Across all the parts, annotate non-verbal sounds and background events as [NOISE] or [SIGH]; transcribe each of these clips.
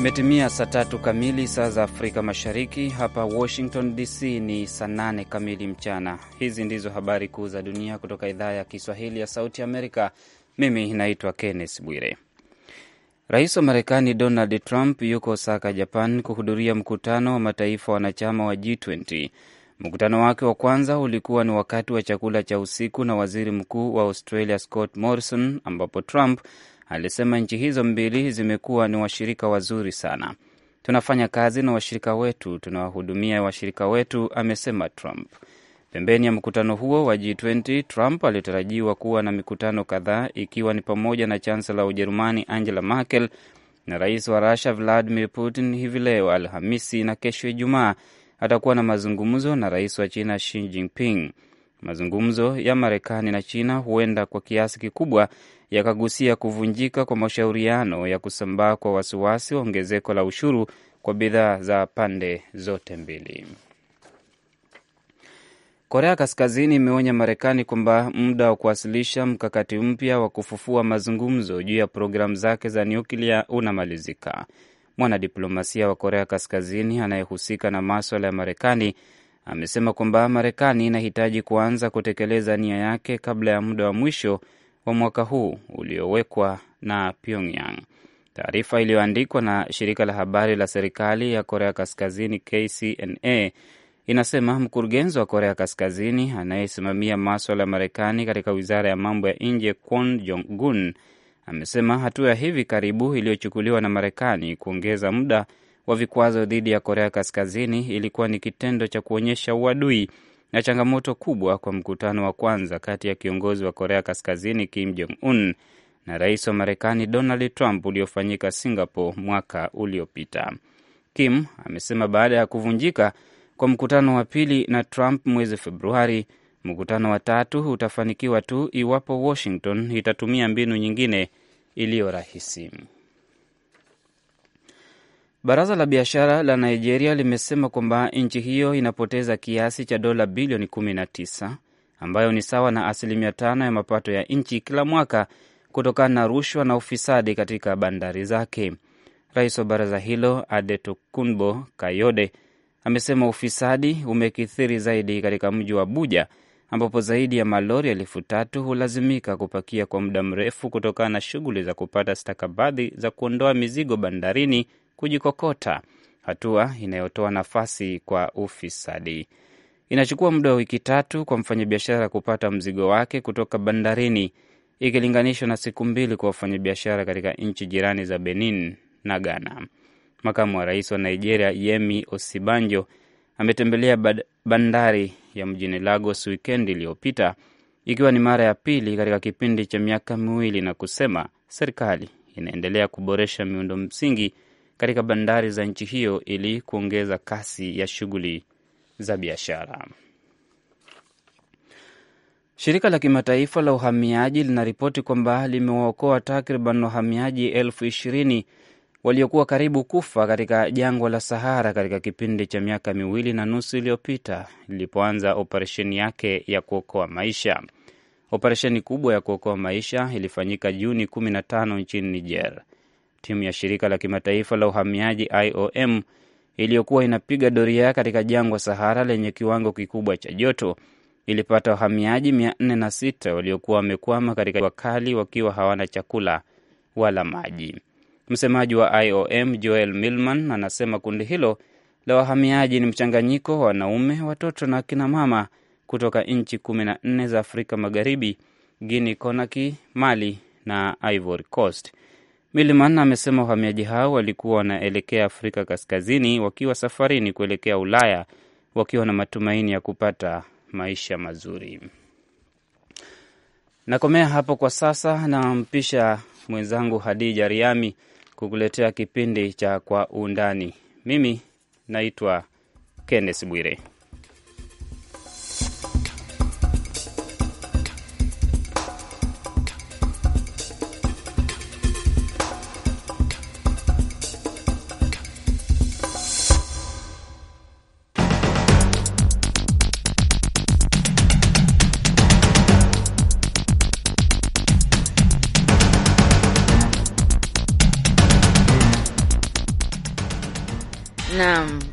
Imetimia saa tatu kamili saa za Afrika Mashariki. Hapa Washington DC ni saa nane kamili mchana. Hizi ndizo habari kuu za dunia kutoka idhaa ya Kiswahili ya Sauti Amerika. Mimi naitwa Kenneth Bwire. Rais wa Marekani Donald Trump yuko Osaka, Japan, kuhudhuria mkutano wa mataifa wanachama wa G20. Mkutano wake wa kwanza ulikuwa ni wakati wa chakula cha usiku na waziri mkuu wa Australia Scott Morrison, ambapo Trump alisema nchi hizo mbili zimekuwa ni washirika wazuri sana. Tunafanya kazi na washirika wetu, tunawahudumia washirika wetu, amesema Trump. Pembeni ya mkutano huo wa G20, Trump alitarajiwa kuwa na mikutano kadhaa ikiwa ni pamoja na chansela wa Ujerumani Angela Merkel na rais wa Rusia Vladimir Putin hivi leo Alhamisi, na kesho Ijumaa atakuwa na mazungumzo na rais wa China Xi Jinping. Mazungumzo ya Marekani na China huenda kwa kiasi kikubwa yakagusia kuvunjika kwa mashauriano ya kusambaa kwa wasiwasi wa ongezeko la ushuru kwa bidhaa za pande zote mbili. Korea Kaskazini imeonya Marekani kwamba muda wa kuwasilisha mkakati mpya wa kufufua mazungumzo juu ya programu zake za nyuklia unamalizika. Mwanadiplomasia wa Korea Kaskazini anayehusika na maswala ya Marekani amesema kwamba Marekani inahitaji kuanza kutekeleza nia yake kabla ya muda wa mwisho wa mwaka huu uliowekwa na Pyongyang. Taarifa iliyoandikwa na shirika la habari la serikali ya Korea Kaskazini KCNA inasema mkurugenzi wa Korea Kaskazini anayesimamia maswala ya Marekani katika wizara ya mambo ya nje Kwon Jong Gun amesema hatua ya hivi karibu iliyochukuliwa na Marekani kuongeza muda wa vikwazo dhidi ya Korea Kaskazini ilikuwa ni kitendo cha kuonyesha uadui na changamoto kubwa kwa mkutano wa kwanza kati ya kiongozi wa Korea Kaskazini Kim Jong Un na rais wa Marekani Donald Trump uliofanyika Singapore mwaka uliopita. Kim amesema baada ya kuvunjika kwa mkutano wa pili na Trump mwezi Februari, mkutano wa tatu utafanikiwa tu iwapo Washington itatumia mbinu nyingine iliyo rahisi. Baraza la biashara la Nigeria limesema kwamba nchi hiyo inapoteza kiasi cha dola bilioni 19 ambayo ni sawa na asilimia tano ya mapato ya nchi kila mwaka kutokana na rushwa na ufisadi katika bandari zake. Rais wa baraza hilo Adetokunbo Kayode amesema ufisadi umekithiri zaidi katika mji wa Abuja ambapo zaidi ya malori elfu tatu hulazimika kupakia kwa muda mrefu kutokana na shughuli za kupata stakabadhi za kuondoa mizigo bandarini kujikokota, hatua inayotoa nafasi kwa ufisadi. Inachukua muda wa wiki tatu kwa mfanyabiashara kupata mzigo wake kutoka bandarini ikilinganishwa na siku mbili kwa wafanyabiashara katika nchi jirani za Benin na Ghana. Makamu wa rais wa Nigeria Yemi Osibanjo ametembelea bandari ya mjini Lagos wikendi iliyopita, ikiwa ni mara ya pili katika kipindi cha miaka miwili, na kusema serikali inaendelea kuboresha miundo msingi katika bandari za nchi hiyo ili kuongeza kasi ya shughuli za biashara. Shirika la kimataifa la uhamiaji linaripoti kwamba limewaokoa takriban wahamiaji elfu ishirini waliokuwa karibu kufa katika jangwa la Sahara katika kipindi cha miaka miwili na nusu iliyopita lilipoanza operesheni yake ya kuokoa maisha. Operesheni kubwa ya kuokoa maisha ilifanyika Juni 15 nchini Niger timu ya shirika la kimataifa la uhamiaji IOM iliyokuwa inapiga doria katika jangwa Sahara lenye kiwango kikubwa cha joto ilipata wahamiaji 406 waliokuwa wamekwama katika wakali wakiwa hawana chakula wala maji. Msemaji wa IOM Joel Milman anasema kundi hilo la wahamiaji ni mchanganyiko wa wanaume, watoto na akina mama kutoka nchi 14 za Afrika Magharibi, Guinea Conakry, Mali na Ivory Coast. Miliman amesema wahamiaji hao walikuwa wanaelekea Afrika Kaskazini wakiwa safarini kuelekea Ulaya wakiwa na matumaini ya kupata maisha mazuri. Nakomea hapo kwa sasa, nampisha mwenzangu Hadija Riami kukuletea kipindi cha Kwa Undani. Mimi naitwa Kenneth Bwire.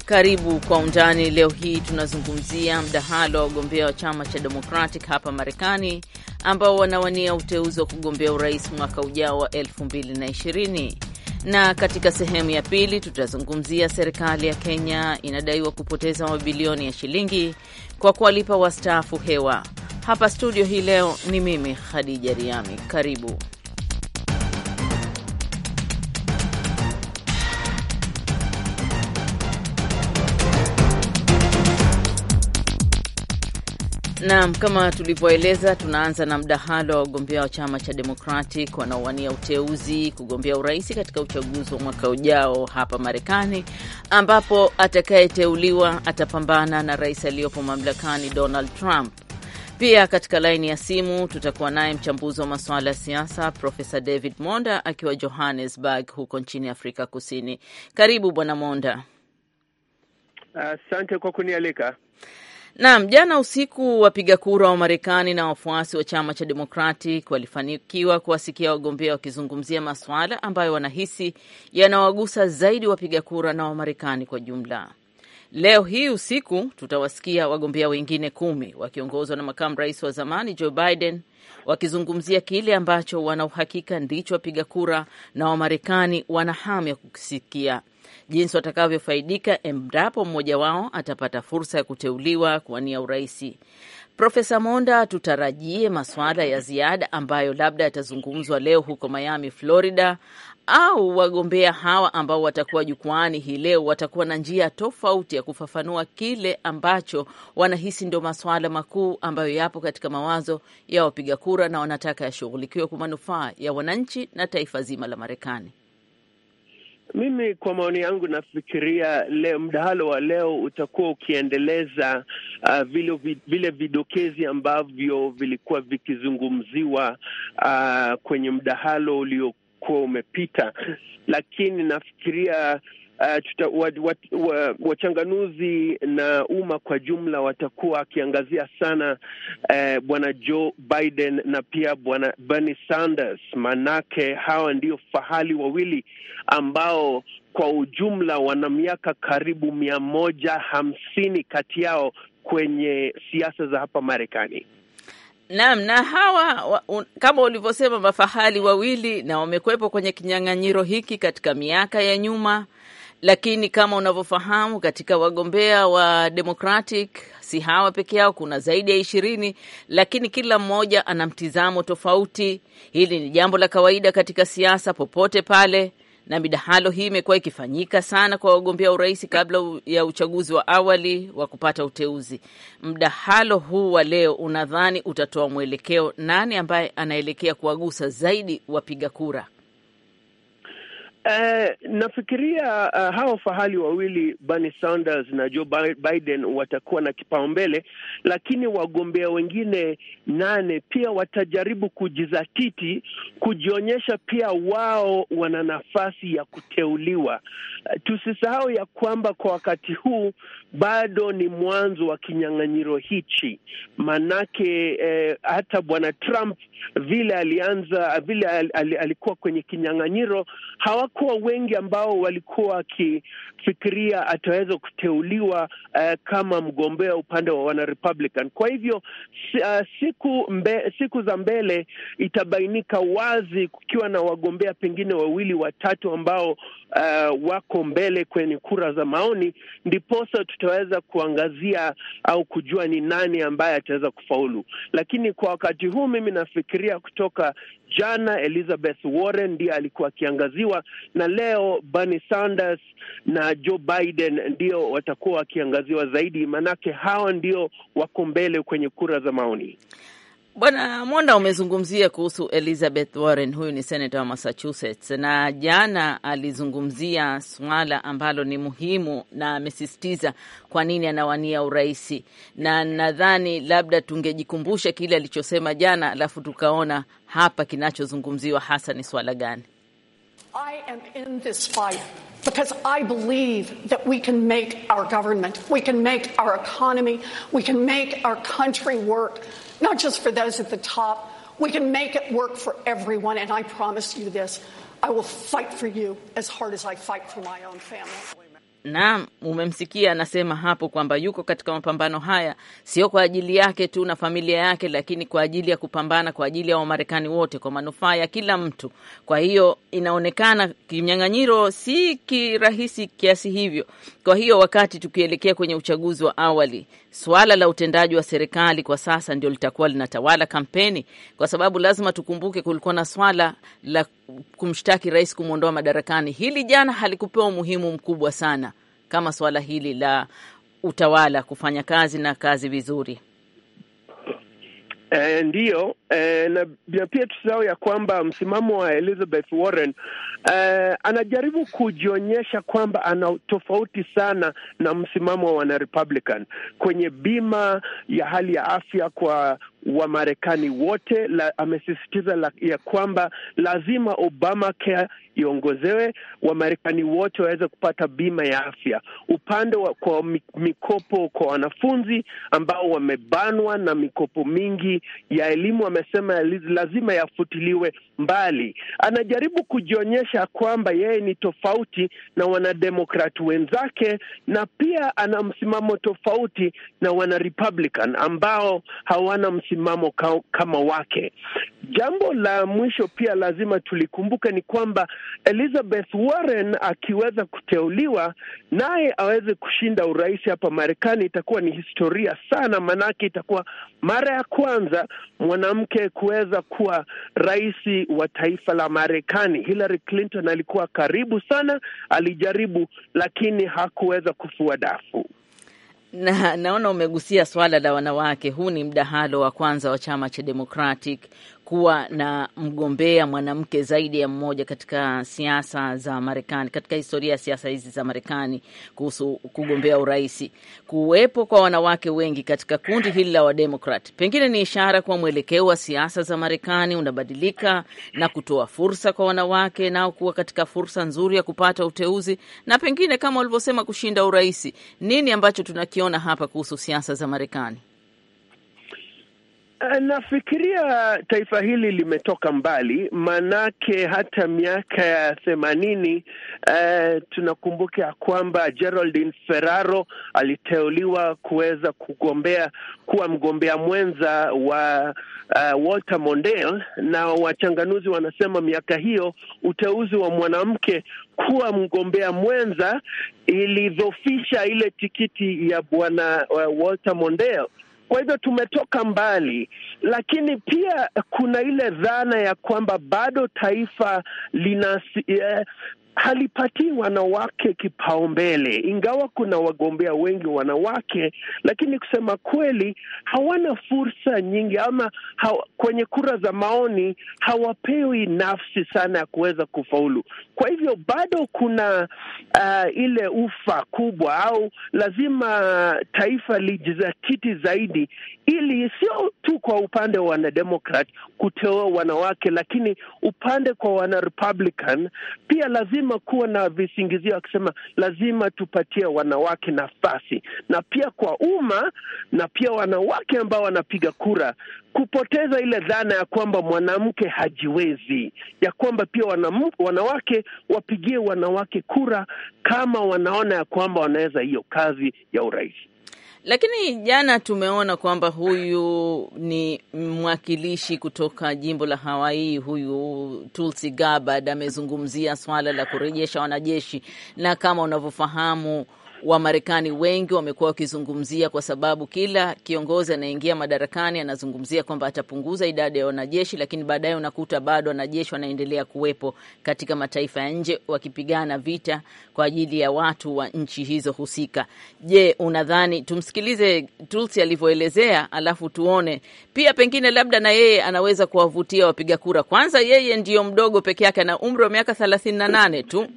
Karibu kwa undani. Leo hii tunazungumzia mdahalo wa wagombea wa chama cha Democratic hapa Marekani ambao wanawania uteuzi wa kugombea urais mwaka ujao wa 2020 na katika sehemu ya pili tutazungumzia serikali ya Kenya inadaiwa kupoteza mabilioni ya shilingi kwa kuwalipa wastaafu hewa. Hapa studio hii leo ni mimi Khadija Riami, karibu. Naam, kama tulivyoeleza, tunaanza na mdahalo wa wagombea wa chama cha Democratic wanaowania uteuzi kugombea urais katika uchaguzi wa mwaka ujao hapa Marekani, ambapo atakayeteuliwa atapambana na rais aliyopo mamlakani Donald Trump. Pia katika laini ya simu tutakuwa naye mchambuzi wa masuala ya siasa Profesa David Monda akiwa Johannesburg huko nchini Afrika Kusini. Karibu Bwana Monda. Asante uh, kwa kunialika. Naam, jana usiku wapiga kura wa Marekani na wafuasi wa chama cha Democratic walifanikiwa kuwasikia wagombea wakizungumzia masuala ambayo wanahisi yanawagusa zaidi wapiga kura na Wamarekani kwa jumla. Leo hii usiku tutawasikia wagombea wengine kumi wakiongozwa na makamu rais wa zamani Joe Biden wakizungumzia kile ambacho wanauhakika ndicho wapiga kura na Wamarekani wana hamu ya kusikia jinsi watakavyofaidika endapo mmoja wao atapata fursa ya kuteuliwa kuwania uraisi. Profesa Monda, tutarajie masuala ya ziada ambayo labda yatazungumzwa leo huko Miami, Florida, au wagombea hawa ambao watakuwa jukwaani hii leo watakuwa na njia tofauti ya kufafanua kile ambacho wanahisi ndio masuala makuu ambayo yapo katika mawazo ya wapiga kura na wanataka yashughulikiwe kwa manufaa ya wananchi na taifa zima la Marekani. Mimi kwa maoni yangu nafikiria leo mdahalo wa leo utakuwa ukiendeleza uh, vile, vile vidokezi ambavyo vilikuwa vikizungumziwa uh, kwenye mdahalo uliokuwa umepita, lakini nafikiria Uh, wa, wachanganuzi na umma kwa jumla watakuwa akiangazia sana uh, bwana Joe Biden na pia bwana Bernie Sanders, manake hawa ndio fahali wawili ambao kwa ujumla wana miaka karibu mia moja hamsini kati yao kwenye siasa za hapa Marekani. Naam, na hawa wa, un, kama ulivyosema mafahali wawili na wamekuwepo kwenye kinyang'anyiro hiki katika miaka ya nyuma lakini kama unavyofahamu, katika wagombea wa Democratic si hawa peke yao, kuna zaidi ya ishirini, lakini kila mmoja ana mtizamo tofauti. Hili ni jambo la kawaida katika siasa popote pale, na midahalo hii imekuwa ikifanyika sana kwa wagombea urais kabla ya uchaguzi wa awali wa kupata uteuzi. Mdahalo huu wa leo, unadhani utatoa mwelekeo nani ambaye anaelekea kuwagusa zaidi wapiga kura? Eh, nafikiria uh, eh, hawa fahali wawili Bernie Sanders na Joe Biden watakuwa na kipaumbele, lakini wagombea wengine nane pia watajaribu kujizatiti kujionyesha, pia wao wana nafasi ya kuteuliwa. Uh, tusisahau ya kwamba kwa wakati huu bado ni mwanzo wa kinyang'anyiro hichi, manake eh, hata bwana Trump vile alianza vile al, al, alikuwa kwenye kinyang'anyiro hawa hawakuwa wengi ambao walikuwa wakifikiria ataweza kuteuliwa uh, kama mgombea upande wa wanaa Kwa hivyo uh, siku mbe, siku za mbele itabainika wazi, kukiwa na wagombea pengine wawili watatu ambao uh, wako mbele kwenye kura za maoni, ndiposa tutaweza kuangazia au kujua ni nani ambaye ataweza kufaulu. Lakini kwa wakati huu mimi nafikiria kutoka jana Elizabeth Warren ndiye alikuwa akiangaziwa, na leo Bernie Sanders na Joe Biden ndio watakuwa wakiangaziwa zaidi, maanake hawa ndio wako mbele kwenye kura za maoni. Bwana Monda, umezungumzia kuhusu Elizabeth Warren, huyu ni senata wa Massachusetts, na jana alizungumzia swala ambalo ni muhimu na amesisitiza kwa nini anawania uraisi, na nadhani labda tungejikumbusha kile alichosema jana, alafu tukaona hapa kinachozungumziwa hasa ni swala gani. I am in this fight because I believe that we can make our government, we can make our economy, we can make our country work, not just for those at the top. We can make it work for everyone, and I promise you this I will fight for you as hard as I fight for my own family. na umemsikia anasema hapo kwamba yuko katika mapambano haya sio kwa ajili yake tu na familia yake, lakini kwa ajili ya kupambana kwa ajili ya Wamarekani wote kwa manufaa ya kila mtu. Kwa hiyo inaonekana kinyang'anyiro si kirahisi kiasi hivyo. Kwa hiyo wakati tukielekea kwenye uchaguzi wa awali swala la utendaji wa serikali kwa sasa ndio litakuwa linatawala kampeni, kwa sababu lazima tukumbuke, kulikuwa na swala la kumshtaki rais, kumwondoa madarakani. Hili jana halikupewa umuhimu mkubwa sana kama swala hili la utawala kufanya kazi na kazi vizuri. E, eh, ndiyo e, eh, na, na pia tusahau ya kwamba msimamo wa Elizabeth Warren e, anajaribu kujionyesha kwamba ana tofauti sana na msimamo wa wanarepublican kwenye bima ya hali ya afya kwa wa Marekani wote la, amesisitiza la, ya kwamba lazima Obamacare iongozewe, Wamarekani wote waweze kupata bima ya afya, upande wa kwa mikopo kwa wanafunzi ambao wamebanwa na mikopo mingi ya elimu, amesema lazima yafutiliwe mbali. Anajaribu kujionyesha kwamba yeye ni tofauti na wanademokrati wenzake, na pia ana msimamo tofauti na wanarepublican ambao hawana msimamo msimamo kama wake. Jambo la mwisho pia lazima tulikumbuke ni kwamba Elizabeth Warren akiweza kuteuliwa naye aweze kushinda urais hapa Marekani, itakuwa ni historia sana, maanake itakuwa mara ya kwanza mwanamke kuweza kuwa rais wa taifa la Marekani. Hillary Clinton alikuwa karibu sana, alijaribu lakini hakuweza kufua dafu. Na naona umegusia swala la wanawake. Huu ni mdahalo wa kwanza wa chama cha Democratic kuwa na mgombea mwanamke zaidi ya mmoja katika siasa za Marekani, katika historia ya siasa hizi za Marekani kuhusu kugombea urais. Kuwepo kwa wanawake wengi katika kundi hili la Wademokrat pengine ni ishara kuwa mwelekeo wa siasa za Marekani unabadilika na kutoa fursa kwa wanawake nao kuwa katika fursa nzuri ya kupata uteuzi na pengine kama walivyosema kushinda urais. Nini ambacho tunakiona hapa kuhusu siasa za Marekani? Eh, nafikiria taifa hili limetoka mbali, maanake hata miaka ya themanini eh, tunakumbuka ya kwamba Geraldine Ferraro aliteuliwa kuweza kugombea kuwa mgombea mwenza wa uh, Walter Mondale, na wachanganuzi wanasema miaka hiyo uteuzi wa mwanamke kuwa mgombea mwenza ilidhofisha ile tikiti ya bwana uh, Walter Mondale kwa hivyo tumetoka mbali, lakini pia kuna ile dhana ya kwamba bado taifa lina eh, halipatii wanawake kipaumbele, ingawa kuna wagombea wengi wanawake, lakini kusema kweli hawana fursa nyingi ama hawa, kwenye kura za maoni hawapewi nafsi sana ya kuweza kufaulu. Kwa hivyo bado kuna uh, ile ufa kubwa, au lazima taifa lijizatiti zaidi, ili sio tu kwa upande wa wanademokrat kuteua wanawake, lakini upande kwa wanarepublican pia lazima lazima kuwa na visingizio, akisema lazima tupatie wanawake nafasi, na pia kwa umma na pia wanawake ambao wanapiga kura, kupoteza ile dhana ya kwamba mwanamke hajiwezi, ya kwamba pia wanamu, wanawake wapigie wanawake kura kama wanaona ya kwamba wanaweza hiyo kazi ya urais. Lakini jana tumeona kwamba huyu ni mwakilishi kutoka jimbo la Hawaii, huyu Tulsi Gabbard amezungumzia swala la kurejesha wanajeshi, na kama unavyofahamu Wamarekani wengi wamekuwa wakizungumzia, kwa sababu kila kiongozi anaingia madarakani anazungumzia kwamba atapunguza idadi ya wanajeshi, lakini baadaye unakuta bado wanajeshi wanaendelea kuwepo katika mataifa ya nje wakipigana vita kwa ajili ya watu wa nchi hizo husika. Je, unadhani tumsikilize Tulsi alivyoelezea, alafu tuone pia pengine labda na yeye anaweza kuwavutia wapiga kura. Kwanza yeye ndiyo mdogo peke yake, ana umri wa miaka thelathini na nane tu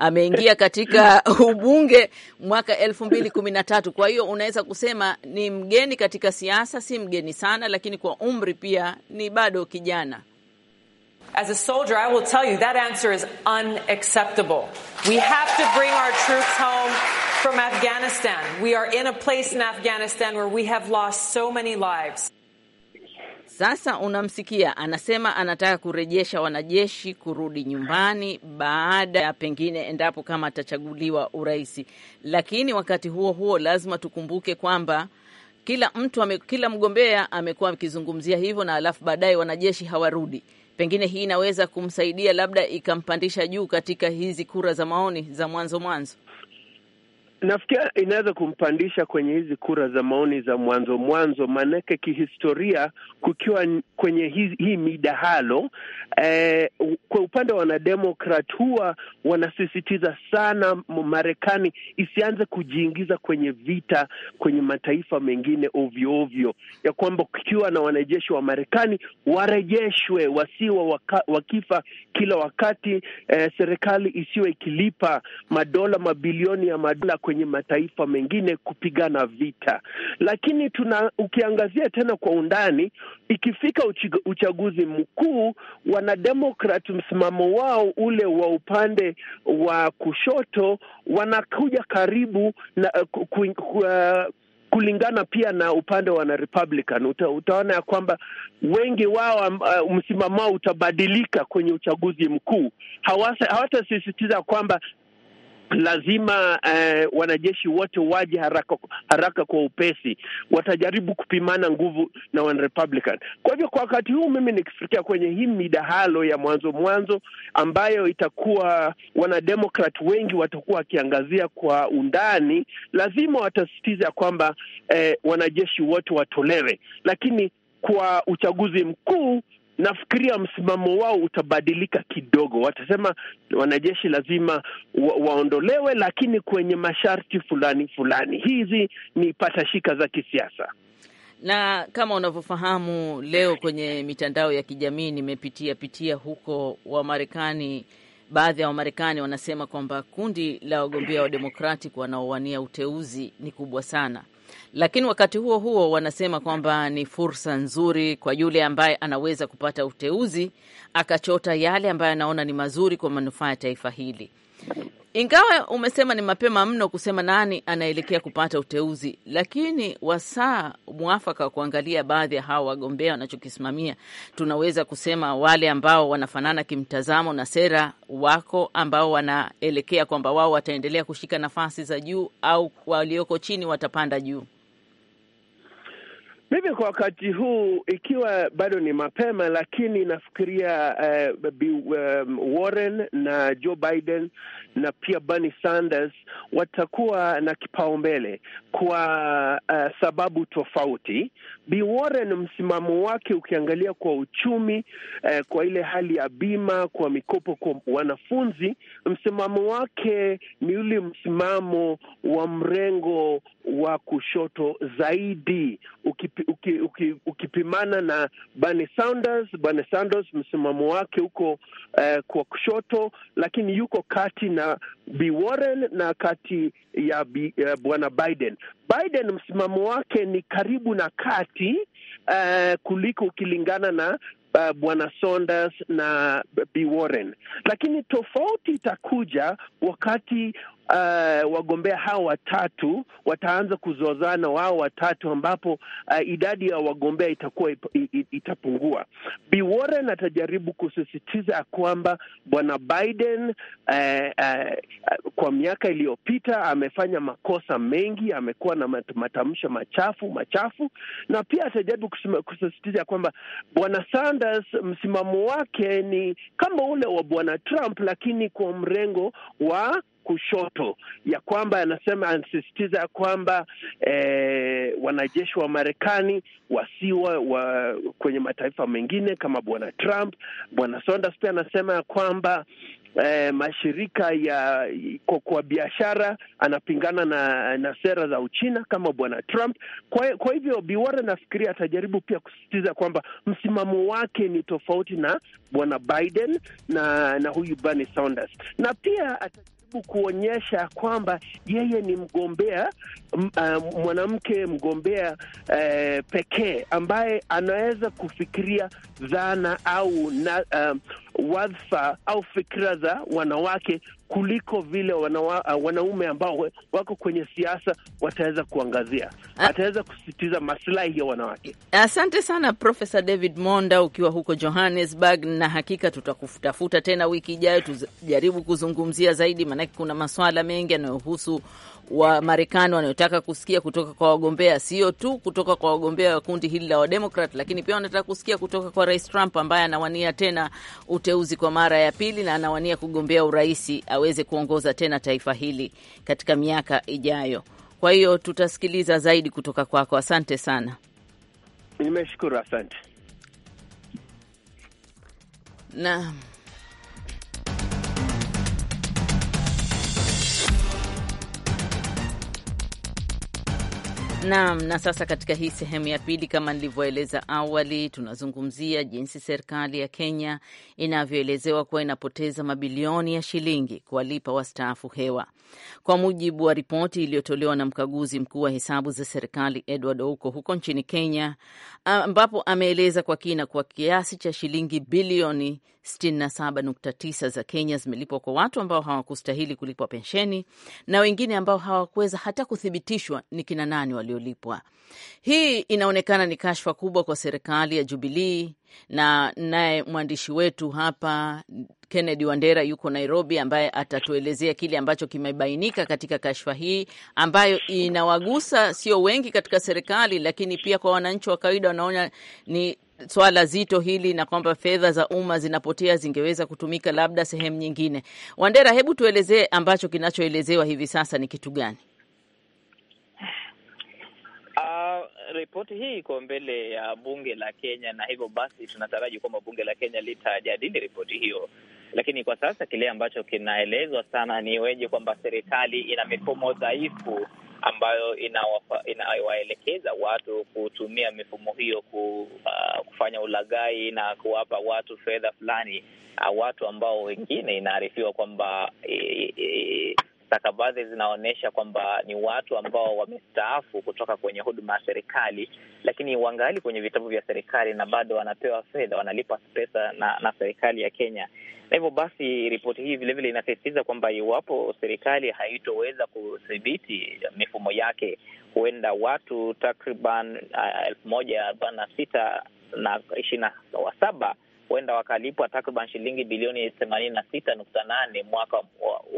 ameingia katika [LAUGHS] ubunge mwaka elfu mbili kumi na tatu. Kwa hiyo unaweza kusema ni mgeni katika siasa, si mgeni sana, lakini kwa umri pia ni bado kijana. As a soldier, I will tell you that answer is unacceptable. We have to bring our troops home from Afghanistan. We are in a place in Afghanistan where we have lost so many lives. Sasa unamsikia anasema anataka kurejesha wanajeshi kurudi nyumbani baada ya pengine, endapo kama atachaguliwa urais. Lakini wakati huo huo lazima tukumbuke kwamba kila mtu ame, kila mgombea amekuwa akizungumzia hivyo, na alafu baadaye wanajeshi hawarudi. Pengine hii inaweza kumsaidia labda ikampandisha juu katika hizi kura za maoni za mwanzo mwanzo nafikia inaweza kumpandisha kwenye hizi kura za maoni za mwanzo mwanzo, maanake kihistoria, kukiwa kwenye hii, hii midahalo eh, kwa upande wa wanademokrat huwa wanasisitiza sana Marekani isianze kujiingiza kwenye vita kwenye mataifa mengine ovyo ovyo, ya kwamba kukiwa na wanajeshi wa Marekani warejeshwe, wasiwa waka, wakifa kila wakati eh, serikali isiwe ikilipa madola mabilioni ya madola kwenye mataifa mengine kupigana vita, lakini tuna ukiangazia tena kwa undani, ikifika uchaguzi mkuu, wanademokrat msimamo wao ule wa upande wa kushoto wanakuja karibu na eh, ku, ku, ku, eh, kulingana pia na upande wa wanarepublican uta, utaona ya kwamba wengi wao uh, msimamo wao utabadilika kwenye uchaguzi mkuu. Hawatasisitiza kwamba lazima eh, wanajeshi wote waje haraka, haraka kwa upesi. Watajaribu kupimana nguvu na wanarepublican. Kwa hivyo kwa wakati huu mimi nikifikia kwenye hii midahalo ya mwanzo mwanzo ambayo itakuwa wanademokrat wengi watakuwa wakiangazia kwa undani, lazima watasisitiza kwamba eh, wanajeshi wote watolewe, lakini kwa uchaguzi mkuu nafikiria msimamo wao utabadilika kidogo. Watasema wanajeshi lazima wa, waondolewe, lakini kwenye masharti fulani fulani. Hizi ni patashika za kisiasa na kama unavyofahamu leo kwenye mitandao ya kijamii nimepitia pitia huko, Wamarekani, baadhi ya Wamarekani wanasema kwamba kundi la wagombea wa wanaowania uteuzi ni kubwa sana. Lakini wakati huo huo wanasema kwamba ni fursa nzuri kwa yule ambaye anaweza kupata uteuzi akachota yale ambayo anaona ni mazuri kwa manufaa ya taifa hili. Ingawa umesema ni mapema mno kusema nani anaelekea kupata uteuzi, lakini wasaa mwafaka wa kuangalia baadhi ya hawa wagombea wanachokisimamia, tunaweza kusema wale ambao wanafanana kimtazamo na sera wako ambao wanaelekea kwamba wao wataendelea kushika nafasi za juu, au walioko chini watapanda juu. Mimi kwa wakati huu ikiwa bado ni mapema, lakini nafikiria uh, eh, B, um, Warren na Joe Biden na pia Bernie Sanders watakuwa na kipaumbele kwa uh, sababu tofauti. B Warren msimamo wake ukiangalia kwa uchumi, uh, kwa ile hali ya bima, kwa mikopo kwa wanafunzi, msimamo wake ni ule msimamo wa mrengo wa kushoto zaidi ukipi uki, uki, uki, ukipimana na Bernie Sanders. Bernie Sanders msimamo wake uko eh, kwa kushoto, lakini yuko kati na Bi Warren na kati ya eh, bwana Biden. Biden msimamo wake ni karibu na kati eh, kuliko ukilingana na Uh, bwana Sanders na Bi Warren, lakini tofauti itakuja wakati uh, wagombea hao watatu wataanza kuzozana wao watatu, ambapo uh, idadi ya wagombea itakuwa itapungua. Bi Warren atajaribu kusisitiza ya kwamba bwana Biden uh, uh, kwa miaka iliyopita amefanya makosa mengi, amekuwa na matamsho machafu machafu, na pia atajaribu kusisitiza ya kwamba bwana Sanders msimamo wake ni kama ule wa bwana Trump, lakini kwa mrengo wa kushoto ya kwamba anasema, anasisitiza ya kwamba eh, wanajeshi wa Marekani wasiwa wa kwenye mataifa mengine kama bwana Trump. Bwana Sanders pia anasema ya kwamba eh, mashirika ya kwa, kwa biashara anapingana na, na sera za Uchina kama bwana Trump. Kwa, kwa hivyo Biwara nafikiria atajaribu pia kusisitiza kwamba msimamo wake ni tofauti na bwana Biden na na huyu Bernie Sanders na pia at kujaribu kuonyesha kwamba yeye ni mgombea uh, mwanamke mgombea uh, pekee ambaye anaweza kufikiria dhana au na, uh, wadhifa au fikira za wanawake kuliko vile wanawa, uh, wanaume ambao wako kwenye siasa wataweza kuangazia, ah. ataweza kusisitiza masilahi ya wanawake. Asante sana Profesa David Monda ukiwa huko Johannesburg, na hakika tutakutafuta tena wiki ijayo tujaribu kuzungumzia zaidi, maanake kuna maswala mengi yanayohusu Wamarekani wanayotaka kusikia kutoka kwa wagombea, sio tu kutoka kwa wagombea wa kundi hili la Wademokrat, lakini pia wanataka kusikia kutoka kwa Rais Trump ambaye anawania tena uteuzi kwa mara ya pili na anawania kugombea uraisi uh, aweze kuongoza tena taifa hili katika miaka ijayo. Kwa hiyo tutasikiliza zaidi kutoka kwako. Asante sana. Nimeshukuru, asante. Naam. Naam, na sasa katika hii sehemu ya pili, kama nilivyoeleza awali, tunazungumzia jinsi serikali ya Kenya inavyoelezewa kuwa inapoteza mabilioni ya shilingi kuwalipa wastaafu hewa. Kwa mujibu wa ripoti iliyotolewa na mkaguzi mkuu wa hesabu za serikali Edward Ouko huko nchini Kenya, ambapo ameeleza kwa kina kwa kiasi cha shilingi bilioni 67.9 za Kenya zimelipwa kwa watu ambao hawakustahili kulipwa pensheni na wengine ambao hawakuweza hata kuthibitishwa ni kina nani waliolipwa. Hii inaonekana ni kashfa kubwa kwa serikali ya Jubilii, na naye mwandishi wetu hapa Kennedy Wandera yuko Nairobi, ambaye atatuelezea kile ambacho kimebainika katika kashfa hii ambayo inawagusa sio wengi katika serikali, lakini pia kwa wananchi wa kawaida wanaona ni swala zito hili na kwamba fedha za umma zinapotea zingeweza kutumika labda sehemu nyingine. Wandera, hebu tuelezee ambacho kinachoelezewa hivi sasa ni kitu gani? Ah, ripoti hii iko mbele ya bunge la Kenya na hivyo basi tunataraji kwamba bunge la Kenya litajadili ripoti hiyo, lakini kwa sasa kile ambacho kinaelezwa sana ni weje kwamba serikali ina mifumo dhaifu ambayo inawaelekeza watu kutumia mifumo hiyo ku, uh, kufanya ulaghai na kuwapa watu fedha fulani, uh, watu ambao wengine inaarifiwa kwamba e, e, stakabadhi zinaonyesha kwamba ni watu ambao wamestaafu kutoka kwenye huduma ya serikali, lakini wangali kwenye vitabu vya serikali na bado wanapewa fedha, wanalipa pesa na, na serikali ya Kenya. Na hivyo basi ripoti hii vilevile inasisitiza kwamba iwapo serikali haitoweza kudhibiti mifumo yake, huenda watu takriban uh, elfu moja arobaini na sita na ishirini na saba huenda wakalipwa takriban shilingi bilioni themanini na sita nukta nane mwaka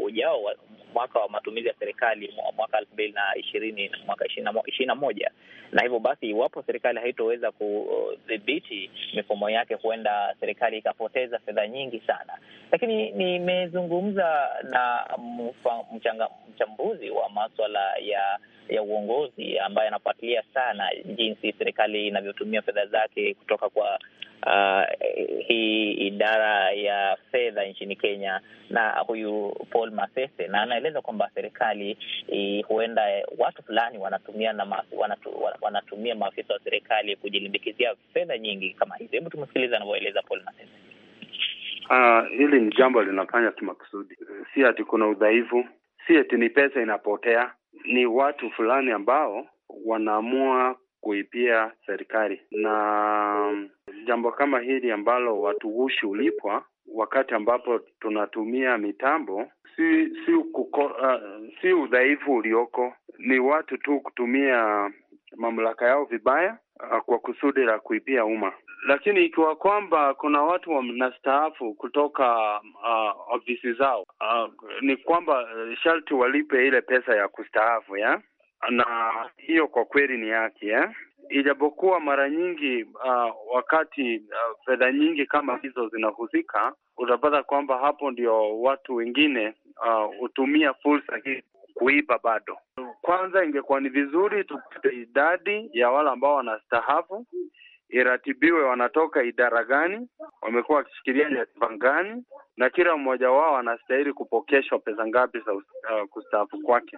ujao, mwaka wa matumizi ya serikali mwaka elfu mbili na ishirini mwaka ishirini na moja na hivyo basi, iwapo serikali haitoweza kudhibiti mifumo yake, huenda serikali ikapoteza fedha nyingi sana. Lakini nimezungumza na mchanga, mchambuzi wa maswala ya ya uongozi ambaye anafuatilia sana jinsi serikali inavyotumia fedha zake kutoka kwa uh, hii idara ya fedha nchini Kenya na huyu Paul Masese, na anaeleza kwamba serikali huenda eh, watu fulani wanatumia na ma, wanatu, wanatumia maafisa wa serikali kujilimbikizia fedha nyingi kama hizo. Hebu tumsikiliza anavyoeleza Paul Masese. Uh, hili ni jambo linafanya kimakusudi, si ati kuna udhaifu, si ati ni pesa inapotea, ni watu fulani ambao wanaamua kuipia serikali na jambo kama hili ambalo watuhushi hulipwa wakati ambapo tunatumia mitambo si si, kuko, uh, si udhaifu ulioko, ni watu tu kutumia mamlaka yao vibaya uh, kwa kusudi la kuipia umma. Lakini ikiwa kwamba kuna watu wanastaafu kutoka uh, ofisi zao uh, ni kwamba uh, sharti walipe ile pesa ya kustaafu ya na hiyo kwa kweli ni haki ya ijapokuwa mara nyingi uh, wakati uh, fedha nyingi kama hizo zinahusika, utapata kwamba hapo ndio watu wengine ah, hutumia uh, fursa hii kuiba. Bado kwanza, ingekuwa ni vizuri tupate idadi ya wale ambao wanastahafu iratibiwe wanatoka idara gani, wamekuwa wakishikilia nyadhifa gani, na kila mmoja wao anastahili kupokeshwa pesa ngapi za uh, kustaafu kwake.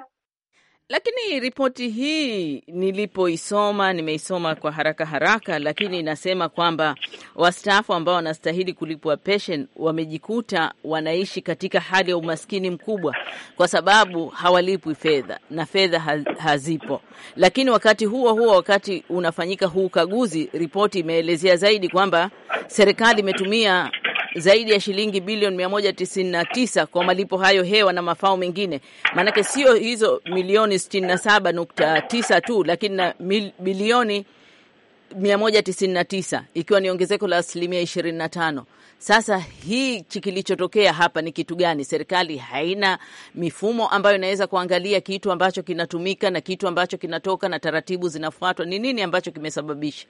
Lakini ripoti hii nilipoisoma, nimeisoma kwa haraka haraka, lakini inasema kwamba wastaafu ambao wanastahili kulipwa pensheni wamejikuta wanaishi katika hali ya umaskini mkubwa, kwa sababu hawalipwi fedha na fedha hazipo. Lakini wakati huo huo, wakati unafanyika huu ukaguzi, ripoti imeelezea zaidi kwamba serikali imetumia zaidi ya shilingi bilioni mia moja tisini na tisa kwa malipo hayo hewa na mafao mengine. Maanake sio hizo milioni sitini na saba nukta tisa tu, lakini na bilioni mia moja tisini na tisa ikiwa ni ongezeko la asilimia ishirini na tano. Sasa hichi kilichotokea hapa ni kitu gani? Serikali haina mifumo ambayo inaweza kuangalia kitu ambacho kinatumika na kitu ambacho kinatoka na taratibu zinafuatwa. Ni nini ambacho kimesababisha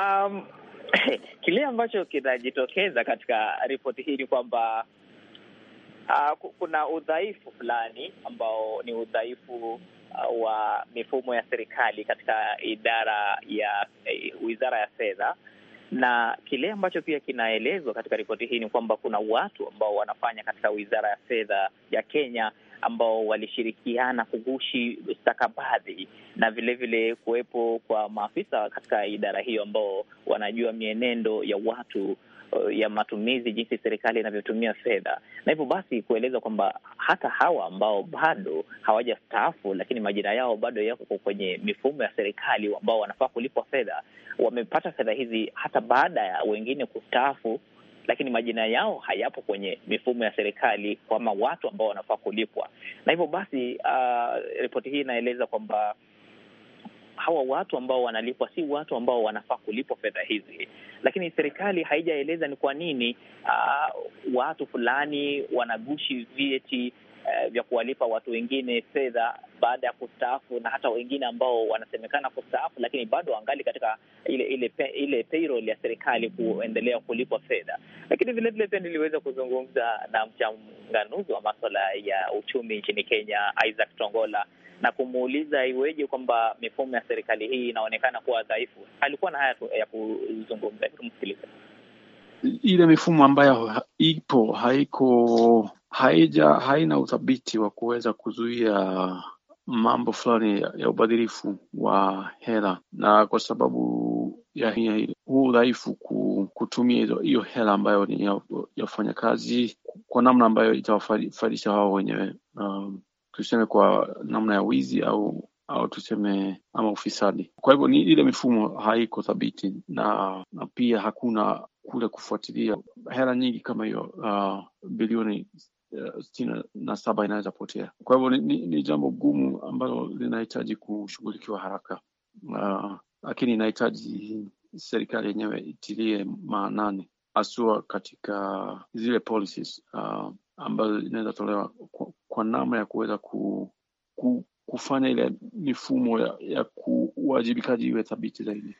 um... [LAUGHS] kile ambacho kinajitokeza katika ripoti hii ni kwamba uh, kuna udhaifu fulani ambao ni udhaifu uh, wa mifumo ya serikali katika idara ya eh, wizara ya fedha, na kile ambacho pia kinaelezwa katika ripoti hii ni kwamba kuna watu ambao wanafanya katika wizara ya fedha ya Kenya ambao walishirikiana kugushi stakabadhi na vilevile kuwepo kwa maafisa katika idara hiyo ambao wanajua mienendo ya watu uh, ya matumizi jinsi serikali inavyotumia fedha, na hivyo basi kueleza kwamba hata hawa ambao bado hawajastaafu, lakini majina yao bado yako kwenye mifumo ya serikali, ambao wanafaa kulipwa fedha, wamepata fedha hizi hata baada ya wengine kustaafu lakini majina yao hayapo kwenye mifumo ya serikali kama watu ambao wanafaa kulipwa. Na hivyo basi, uh, ripoti hii inaeleza kwamba hawa watu ambao wanalipwa si watu ambao wanafaa kulipwa fedha hizi, lakini serikali haijaeleza ni kwa nini uh, watu fulani wanagushi vyeti Eh, vya kuwalipa watu wengine fedha baada ya kustaafu, na hata wengine ambao wanasemekana kustaafu, lakini bado wangali katika ile ile pe, ile payroll ya serikali kuendelea kulipwa fedha. Lakini vilevile pia niliweza kuzungumza na mchanganuzi wa maswala ya uchumi nchini Kenya, Isaac Tongola na kumuuliza iweje kwamba mifumo ya serikali hii inaonekana kuwa dhaifu. Alikuwa na haya ya kuzungumza, tumsikilize. Ile mifumo ambayo ipo haiko haija haina uthabiti wa kuweza kuzuia mambo fulani ya ubadhirifu wa hela, na kwa sababu ya huu udhaifu kutumia hiyo hela ambayo ni ya, ya wafanyakazi kwa namna ambayo itawafaidisha wao wenyewe, um, tuseme kwa namna ya wizi au au tuseme ama ufisadi. Kwa hivyo ni ile mifumo haiko thabiti na, na pia hakuna kule kufuatilia hela nyingi kama hiyo uh, bilioni sitini na saba inaweza potea. Kwa hivyo ni, ni jambo gumu ambalo linahitaji kushughulikiwa haraka, lakini inahitaji serikali yenyewe itilie maanani haswa katika zile policies uh, ambazo inaweza tolewa kwa, kwa namna ya kuweza ku, ku, kufanya ile mifumo ya, ya kuwajibikaji iwe thabiti zaidi.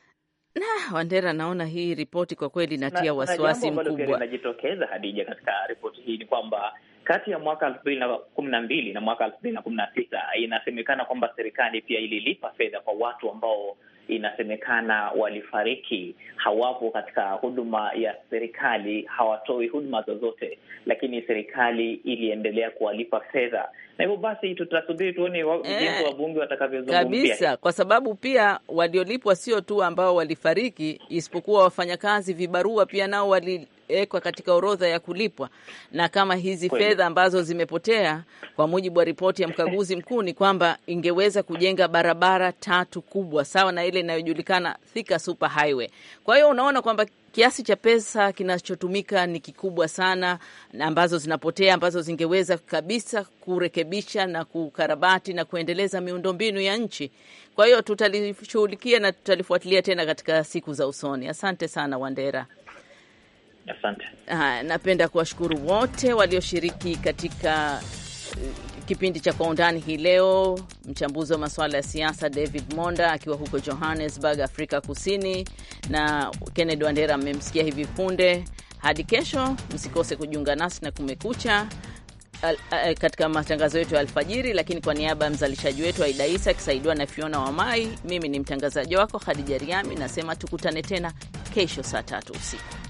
Na Wandera, naona hii ripoti kwa kweli inatia wasiwasi mkubwa. Inajitokeza Hadija, katika ripoti hii ni kwamba kati ya mwaka elfu mbili na kumi na mbili na mwaka elfu mbili na kumi na sita inasemekana kwamba serikali pia ililipa fedha kwa watu ambao inasemekana walifariki, hawapo katika huduma ya serikali, hawatoi huduma zozote, lakini serikali iliendelea kuwalipa fedha, na hivyo basi tutasubiri tuone eh. jinsi wabunge watakavyozungumzia kabisa, kwa sababu pia waliolipwa sio tu ambao walifariki, isipokuwa wafanyakazi vibarua pia nao wali kuwekwa katika orodha ya kulipwa, na kama hizi fedha ambazo zimepotea, kwa mujibu wa ripoti ya mkaguzi mkuu, ni kwamba ingeweza kujenga barabara tatu kubwa sawa na ile inayojulikana Thika Super Highway. Kwa hiyo unaona kwamba kiasi cha pesa kinachotumika ni kikubwa sana, na ambazo zinapotea ambazo zingeweza kabisa kurekebisha na kukarabati na kuendeleza miundombinu ya nchi. Kwa hiyo tutalishughulikia na tutalifuatilia tena katika siku za usoni. Asante sana Wandera. Asante. napenda kuwashukuru wote walioshiriki katika eh, kipindi cha Kwa Undani hii leo, mchambuzi wa masuala ya siasa David Monda akiwa huko Johannesburg, Afrika Kusini, na Kennedy Wandera amemsikia hivi punde. Hadi kesho, msikose kujiunga nasi na Kumekucha al, al, eh, katika matangazo yetu ya alfajiri. Lakini kwa niaba ya mzalishaji wetu Aida Isa akisaidiwa na Fiona Wamai, mimi ni mtangazaji wako Hadija Riami, nasema tukutane tena kesho saa tatu usiku.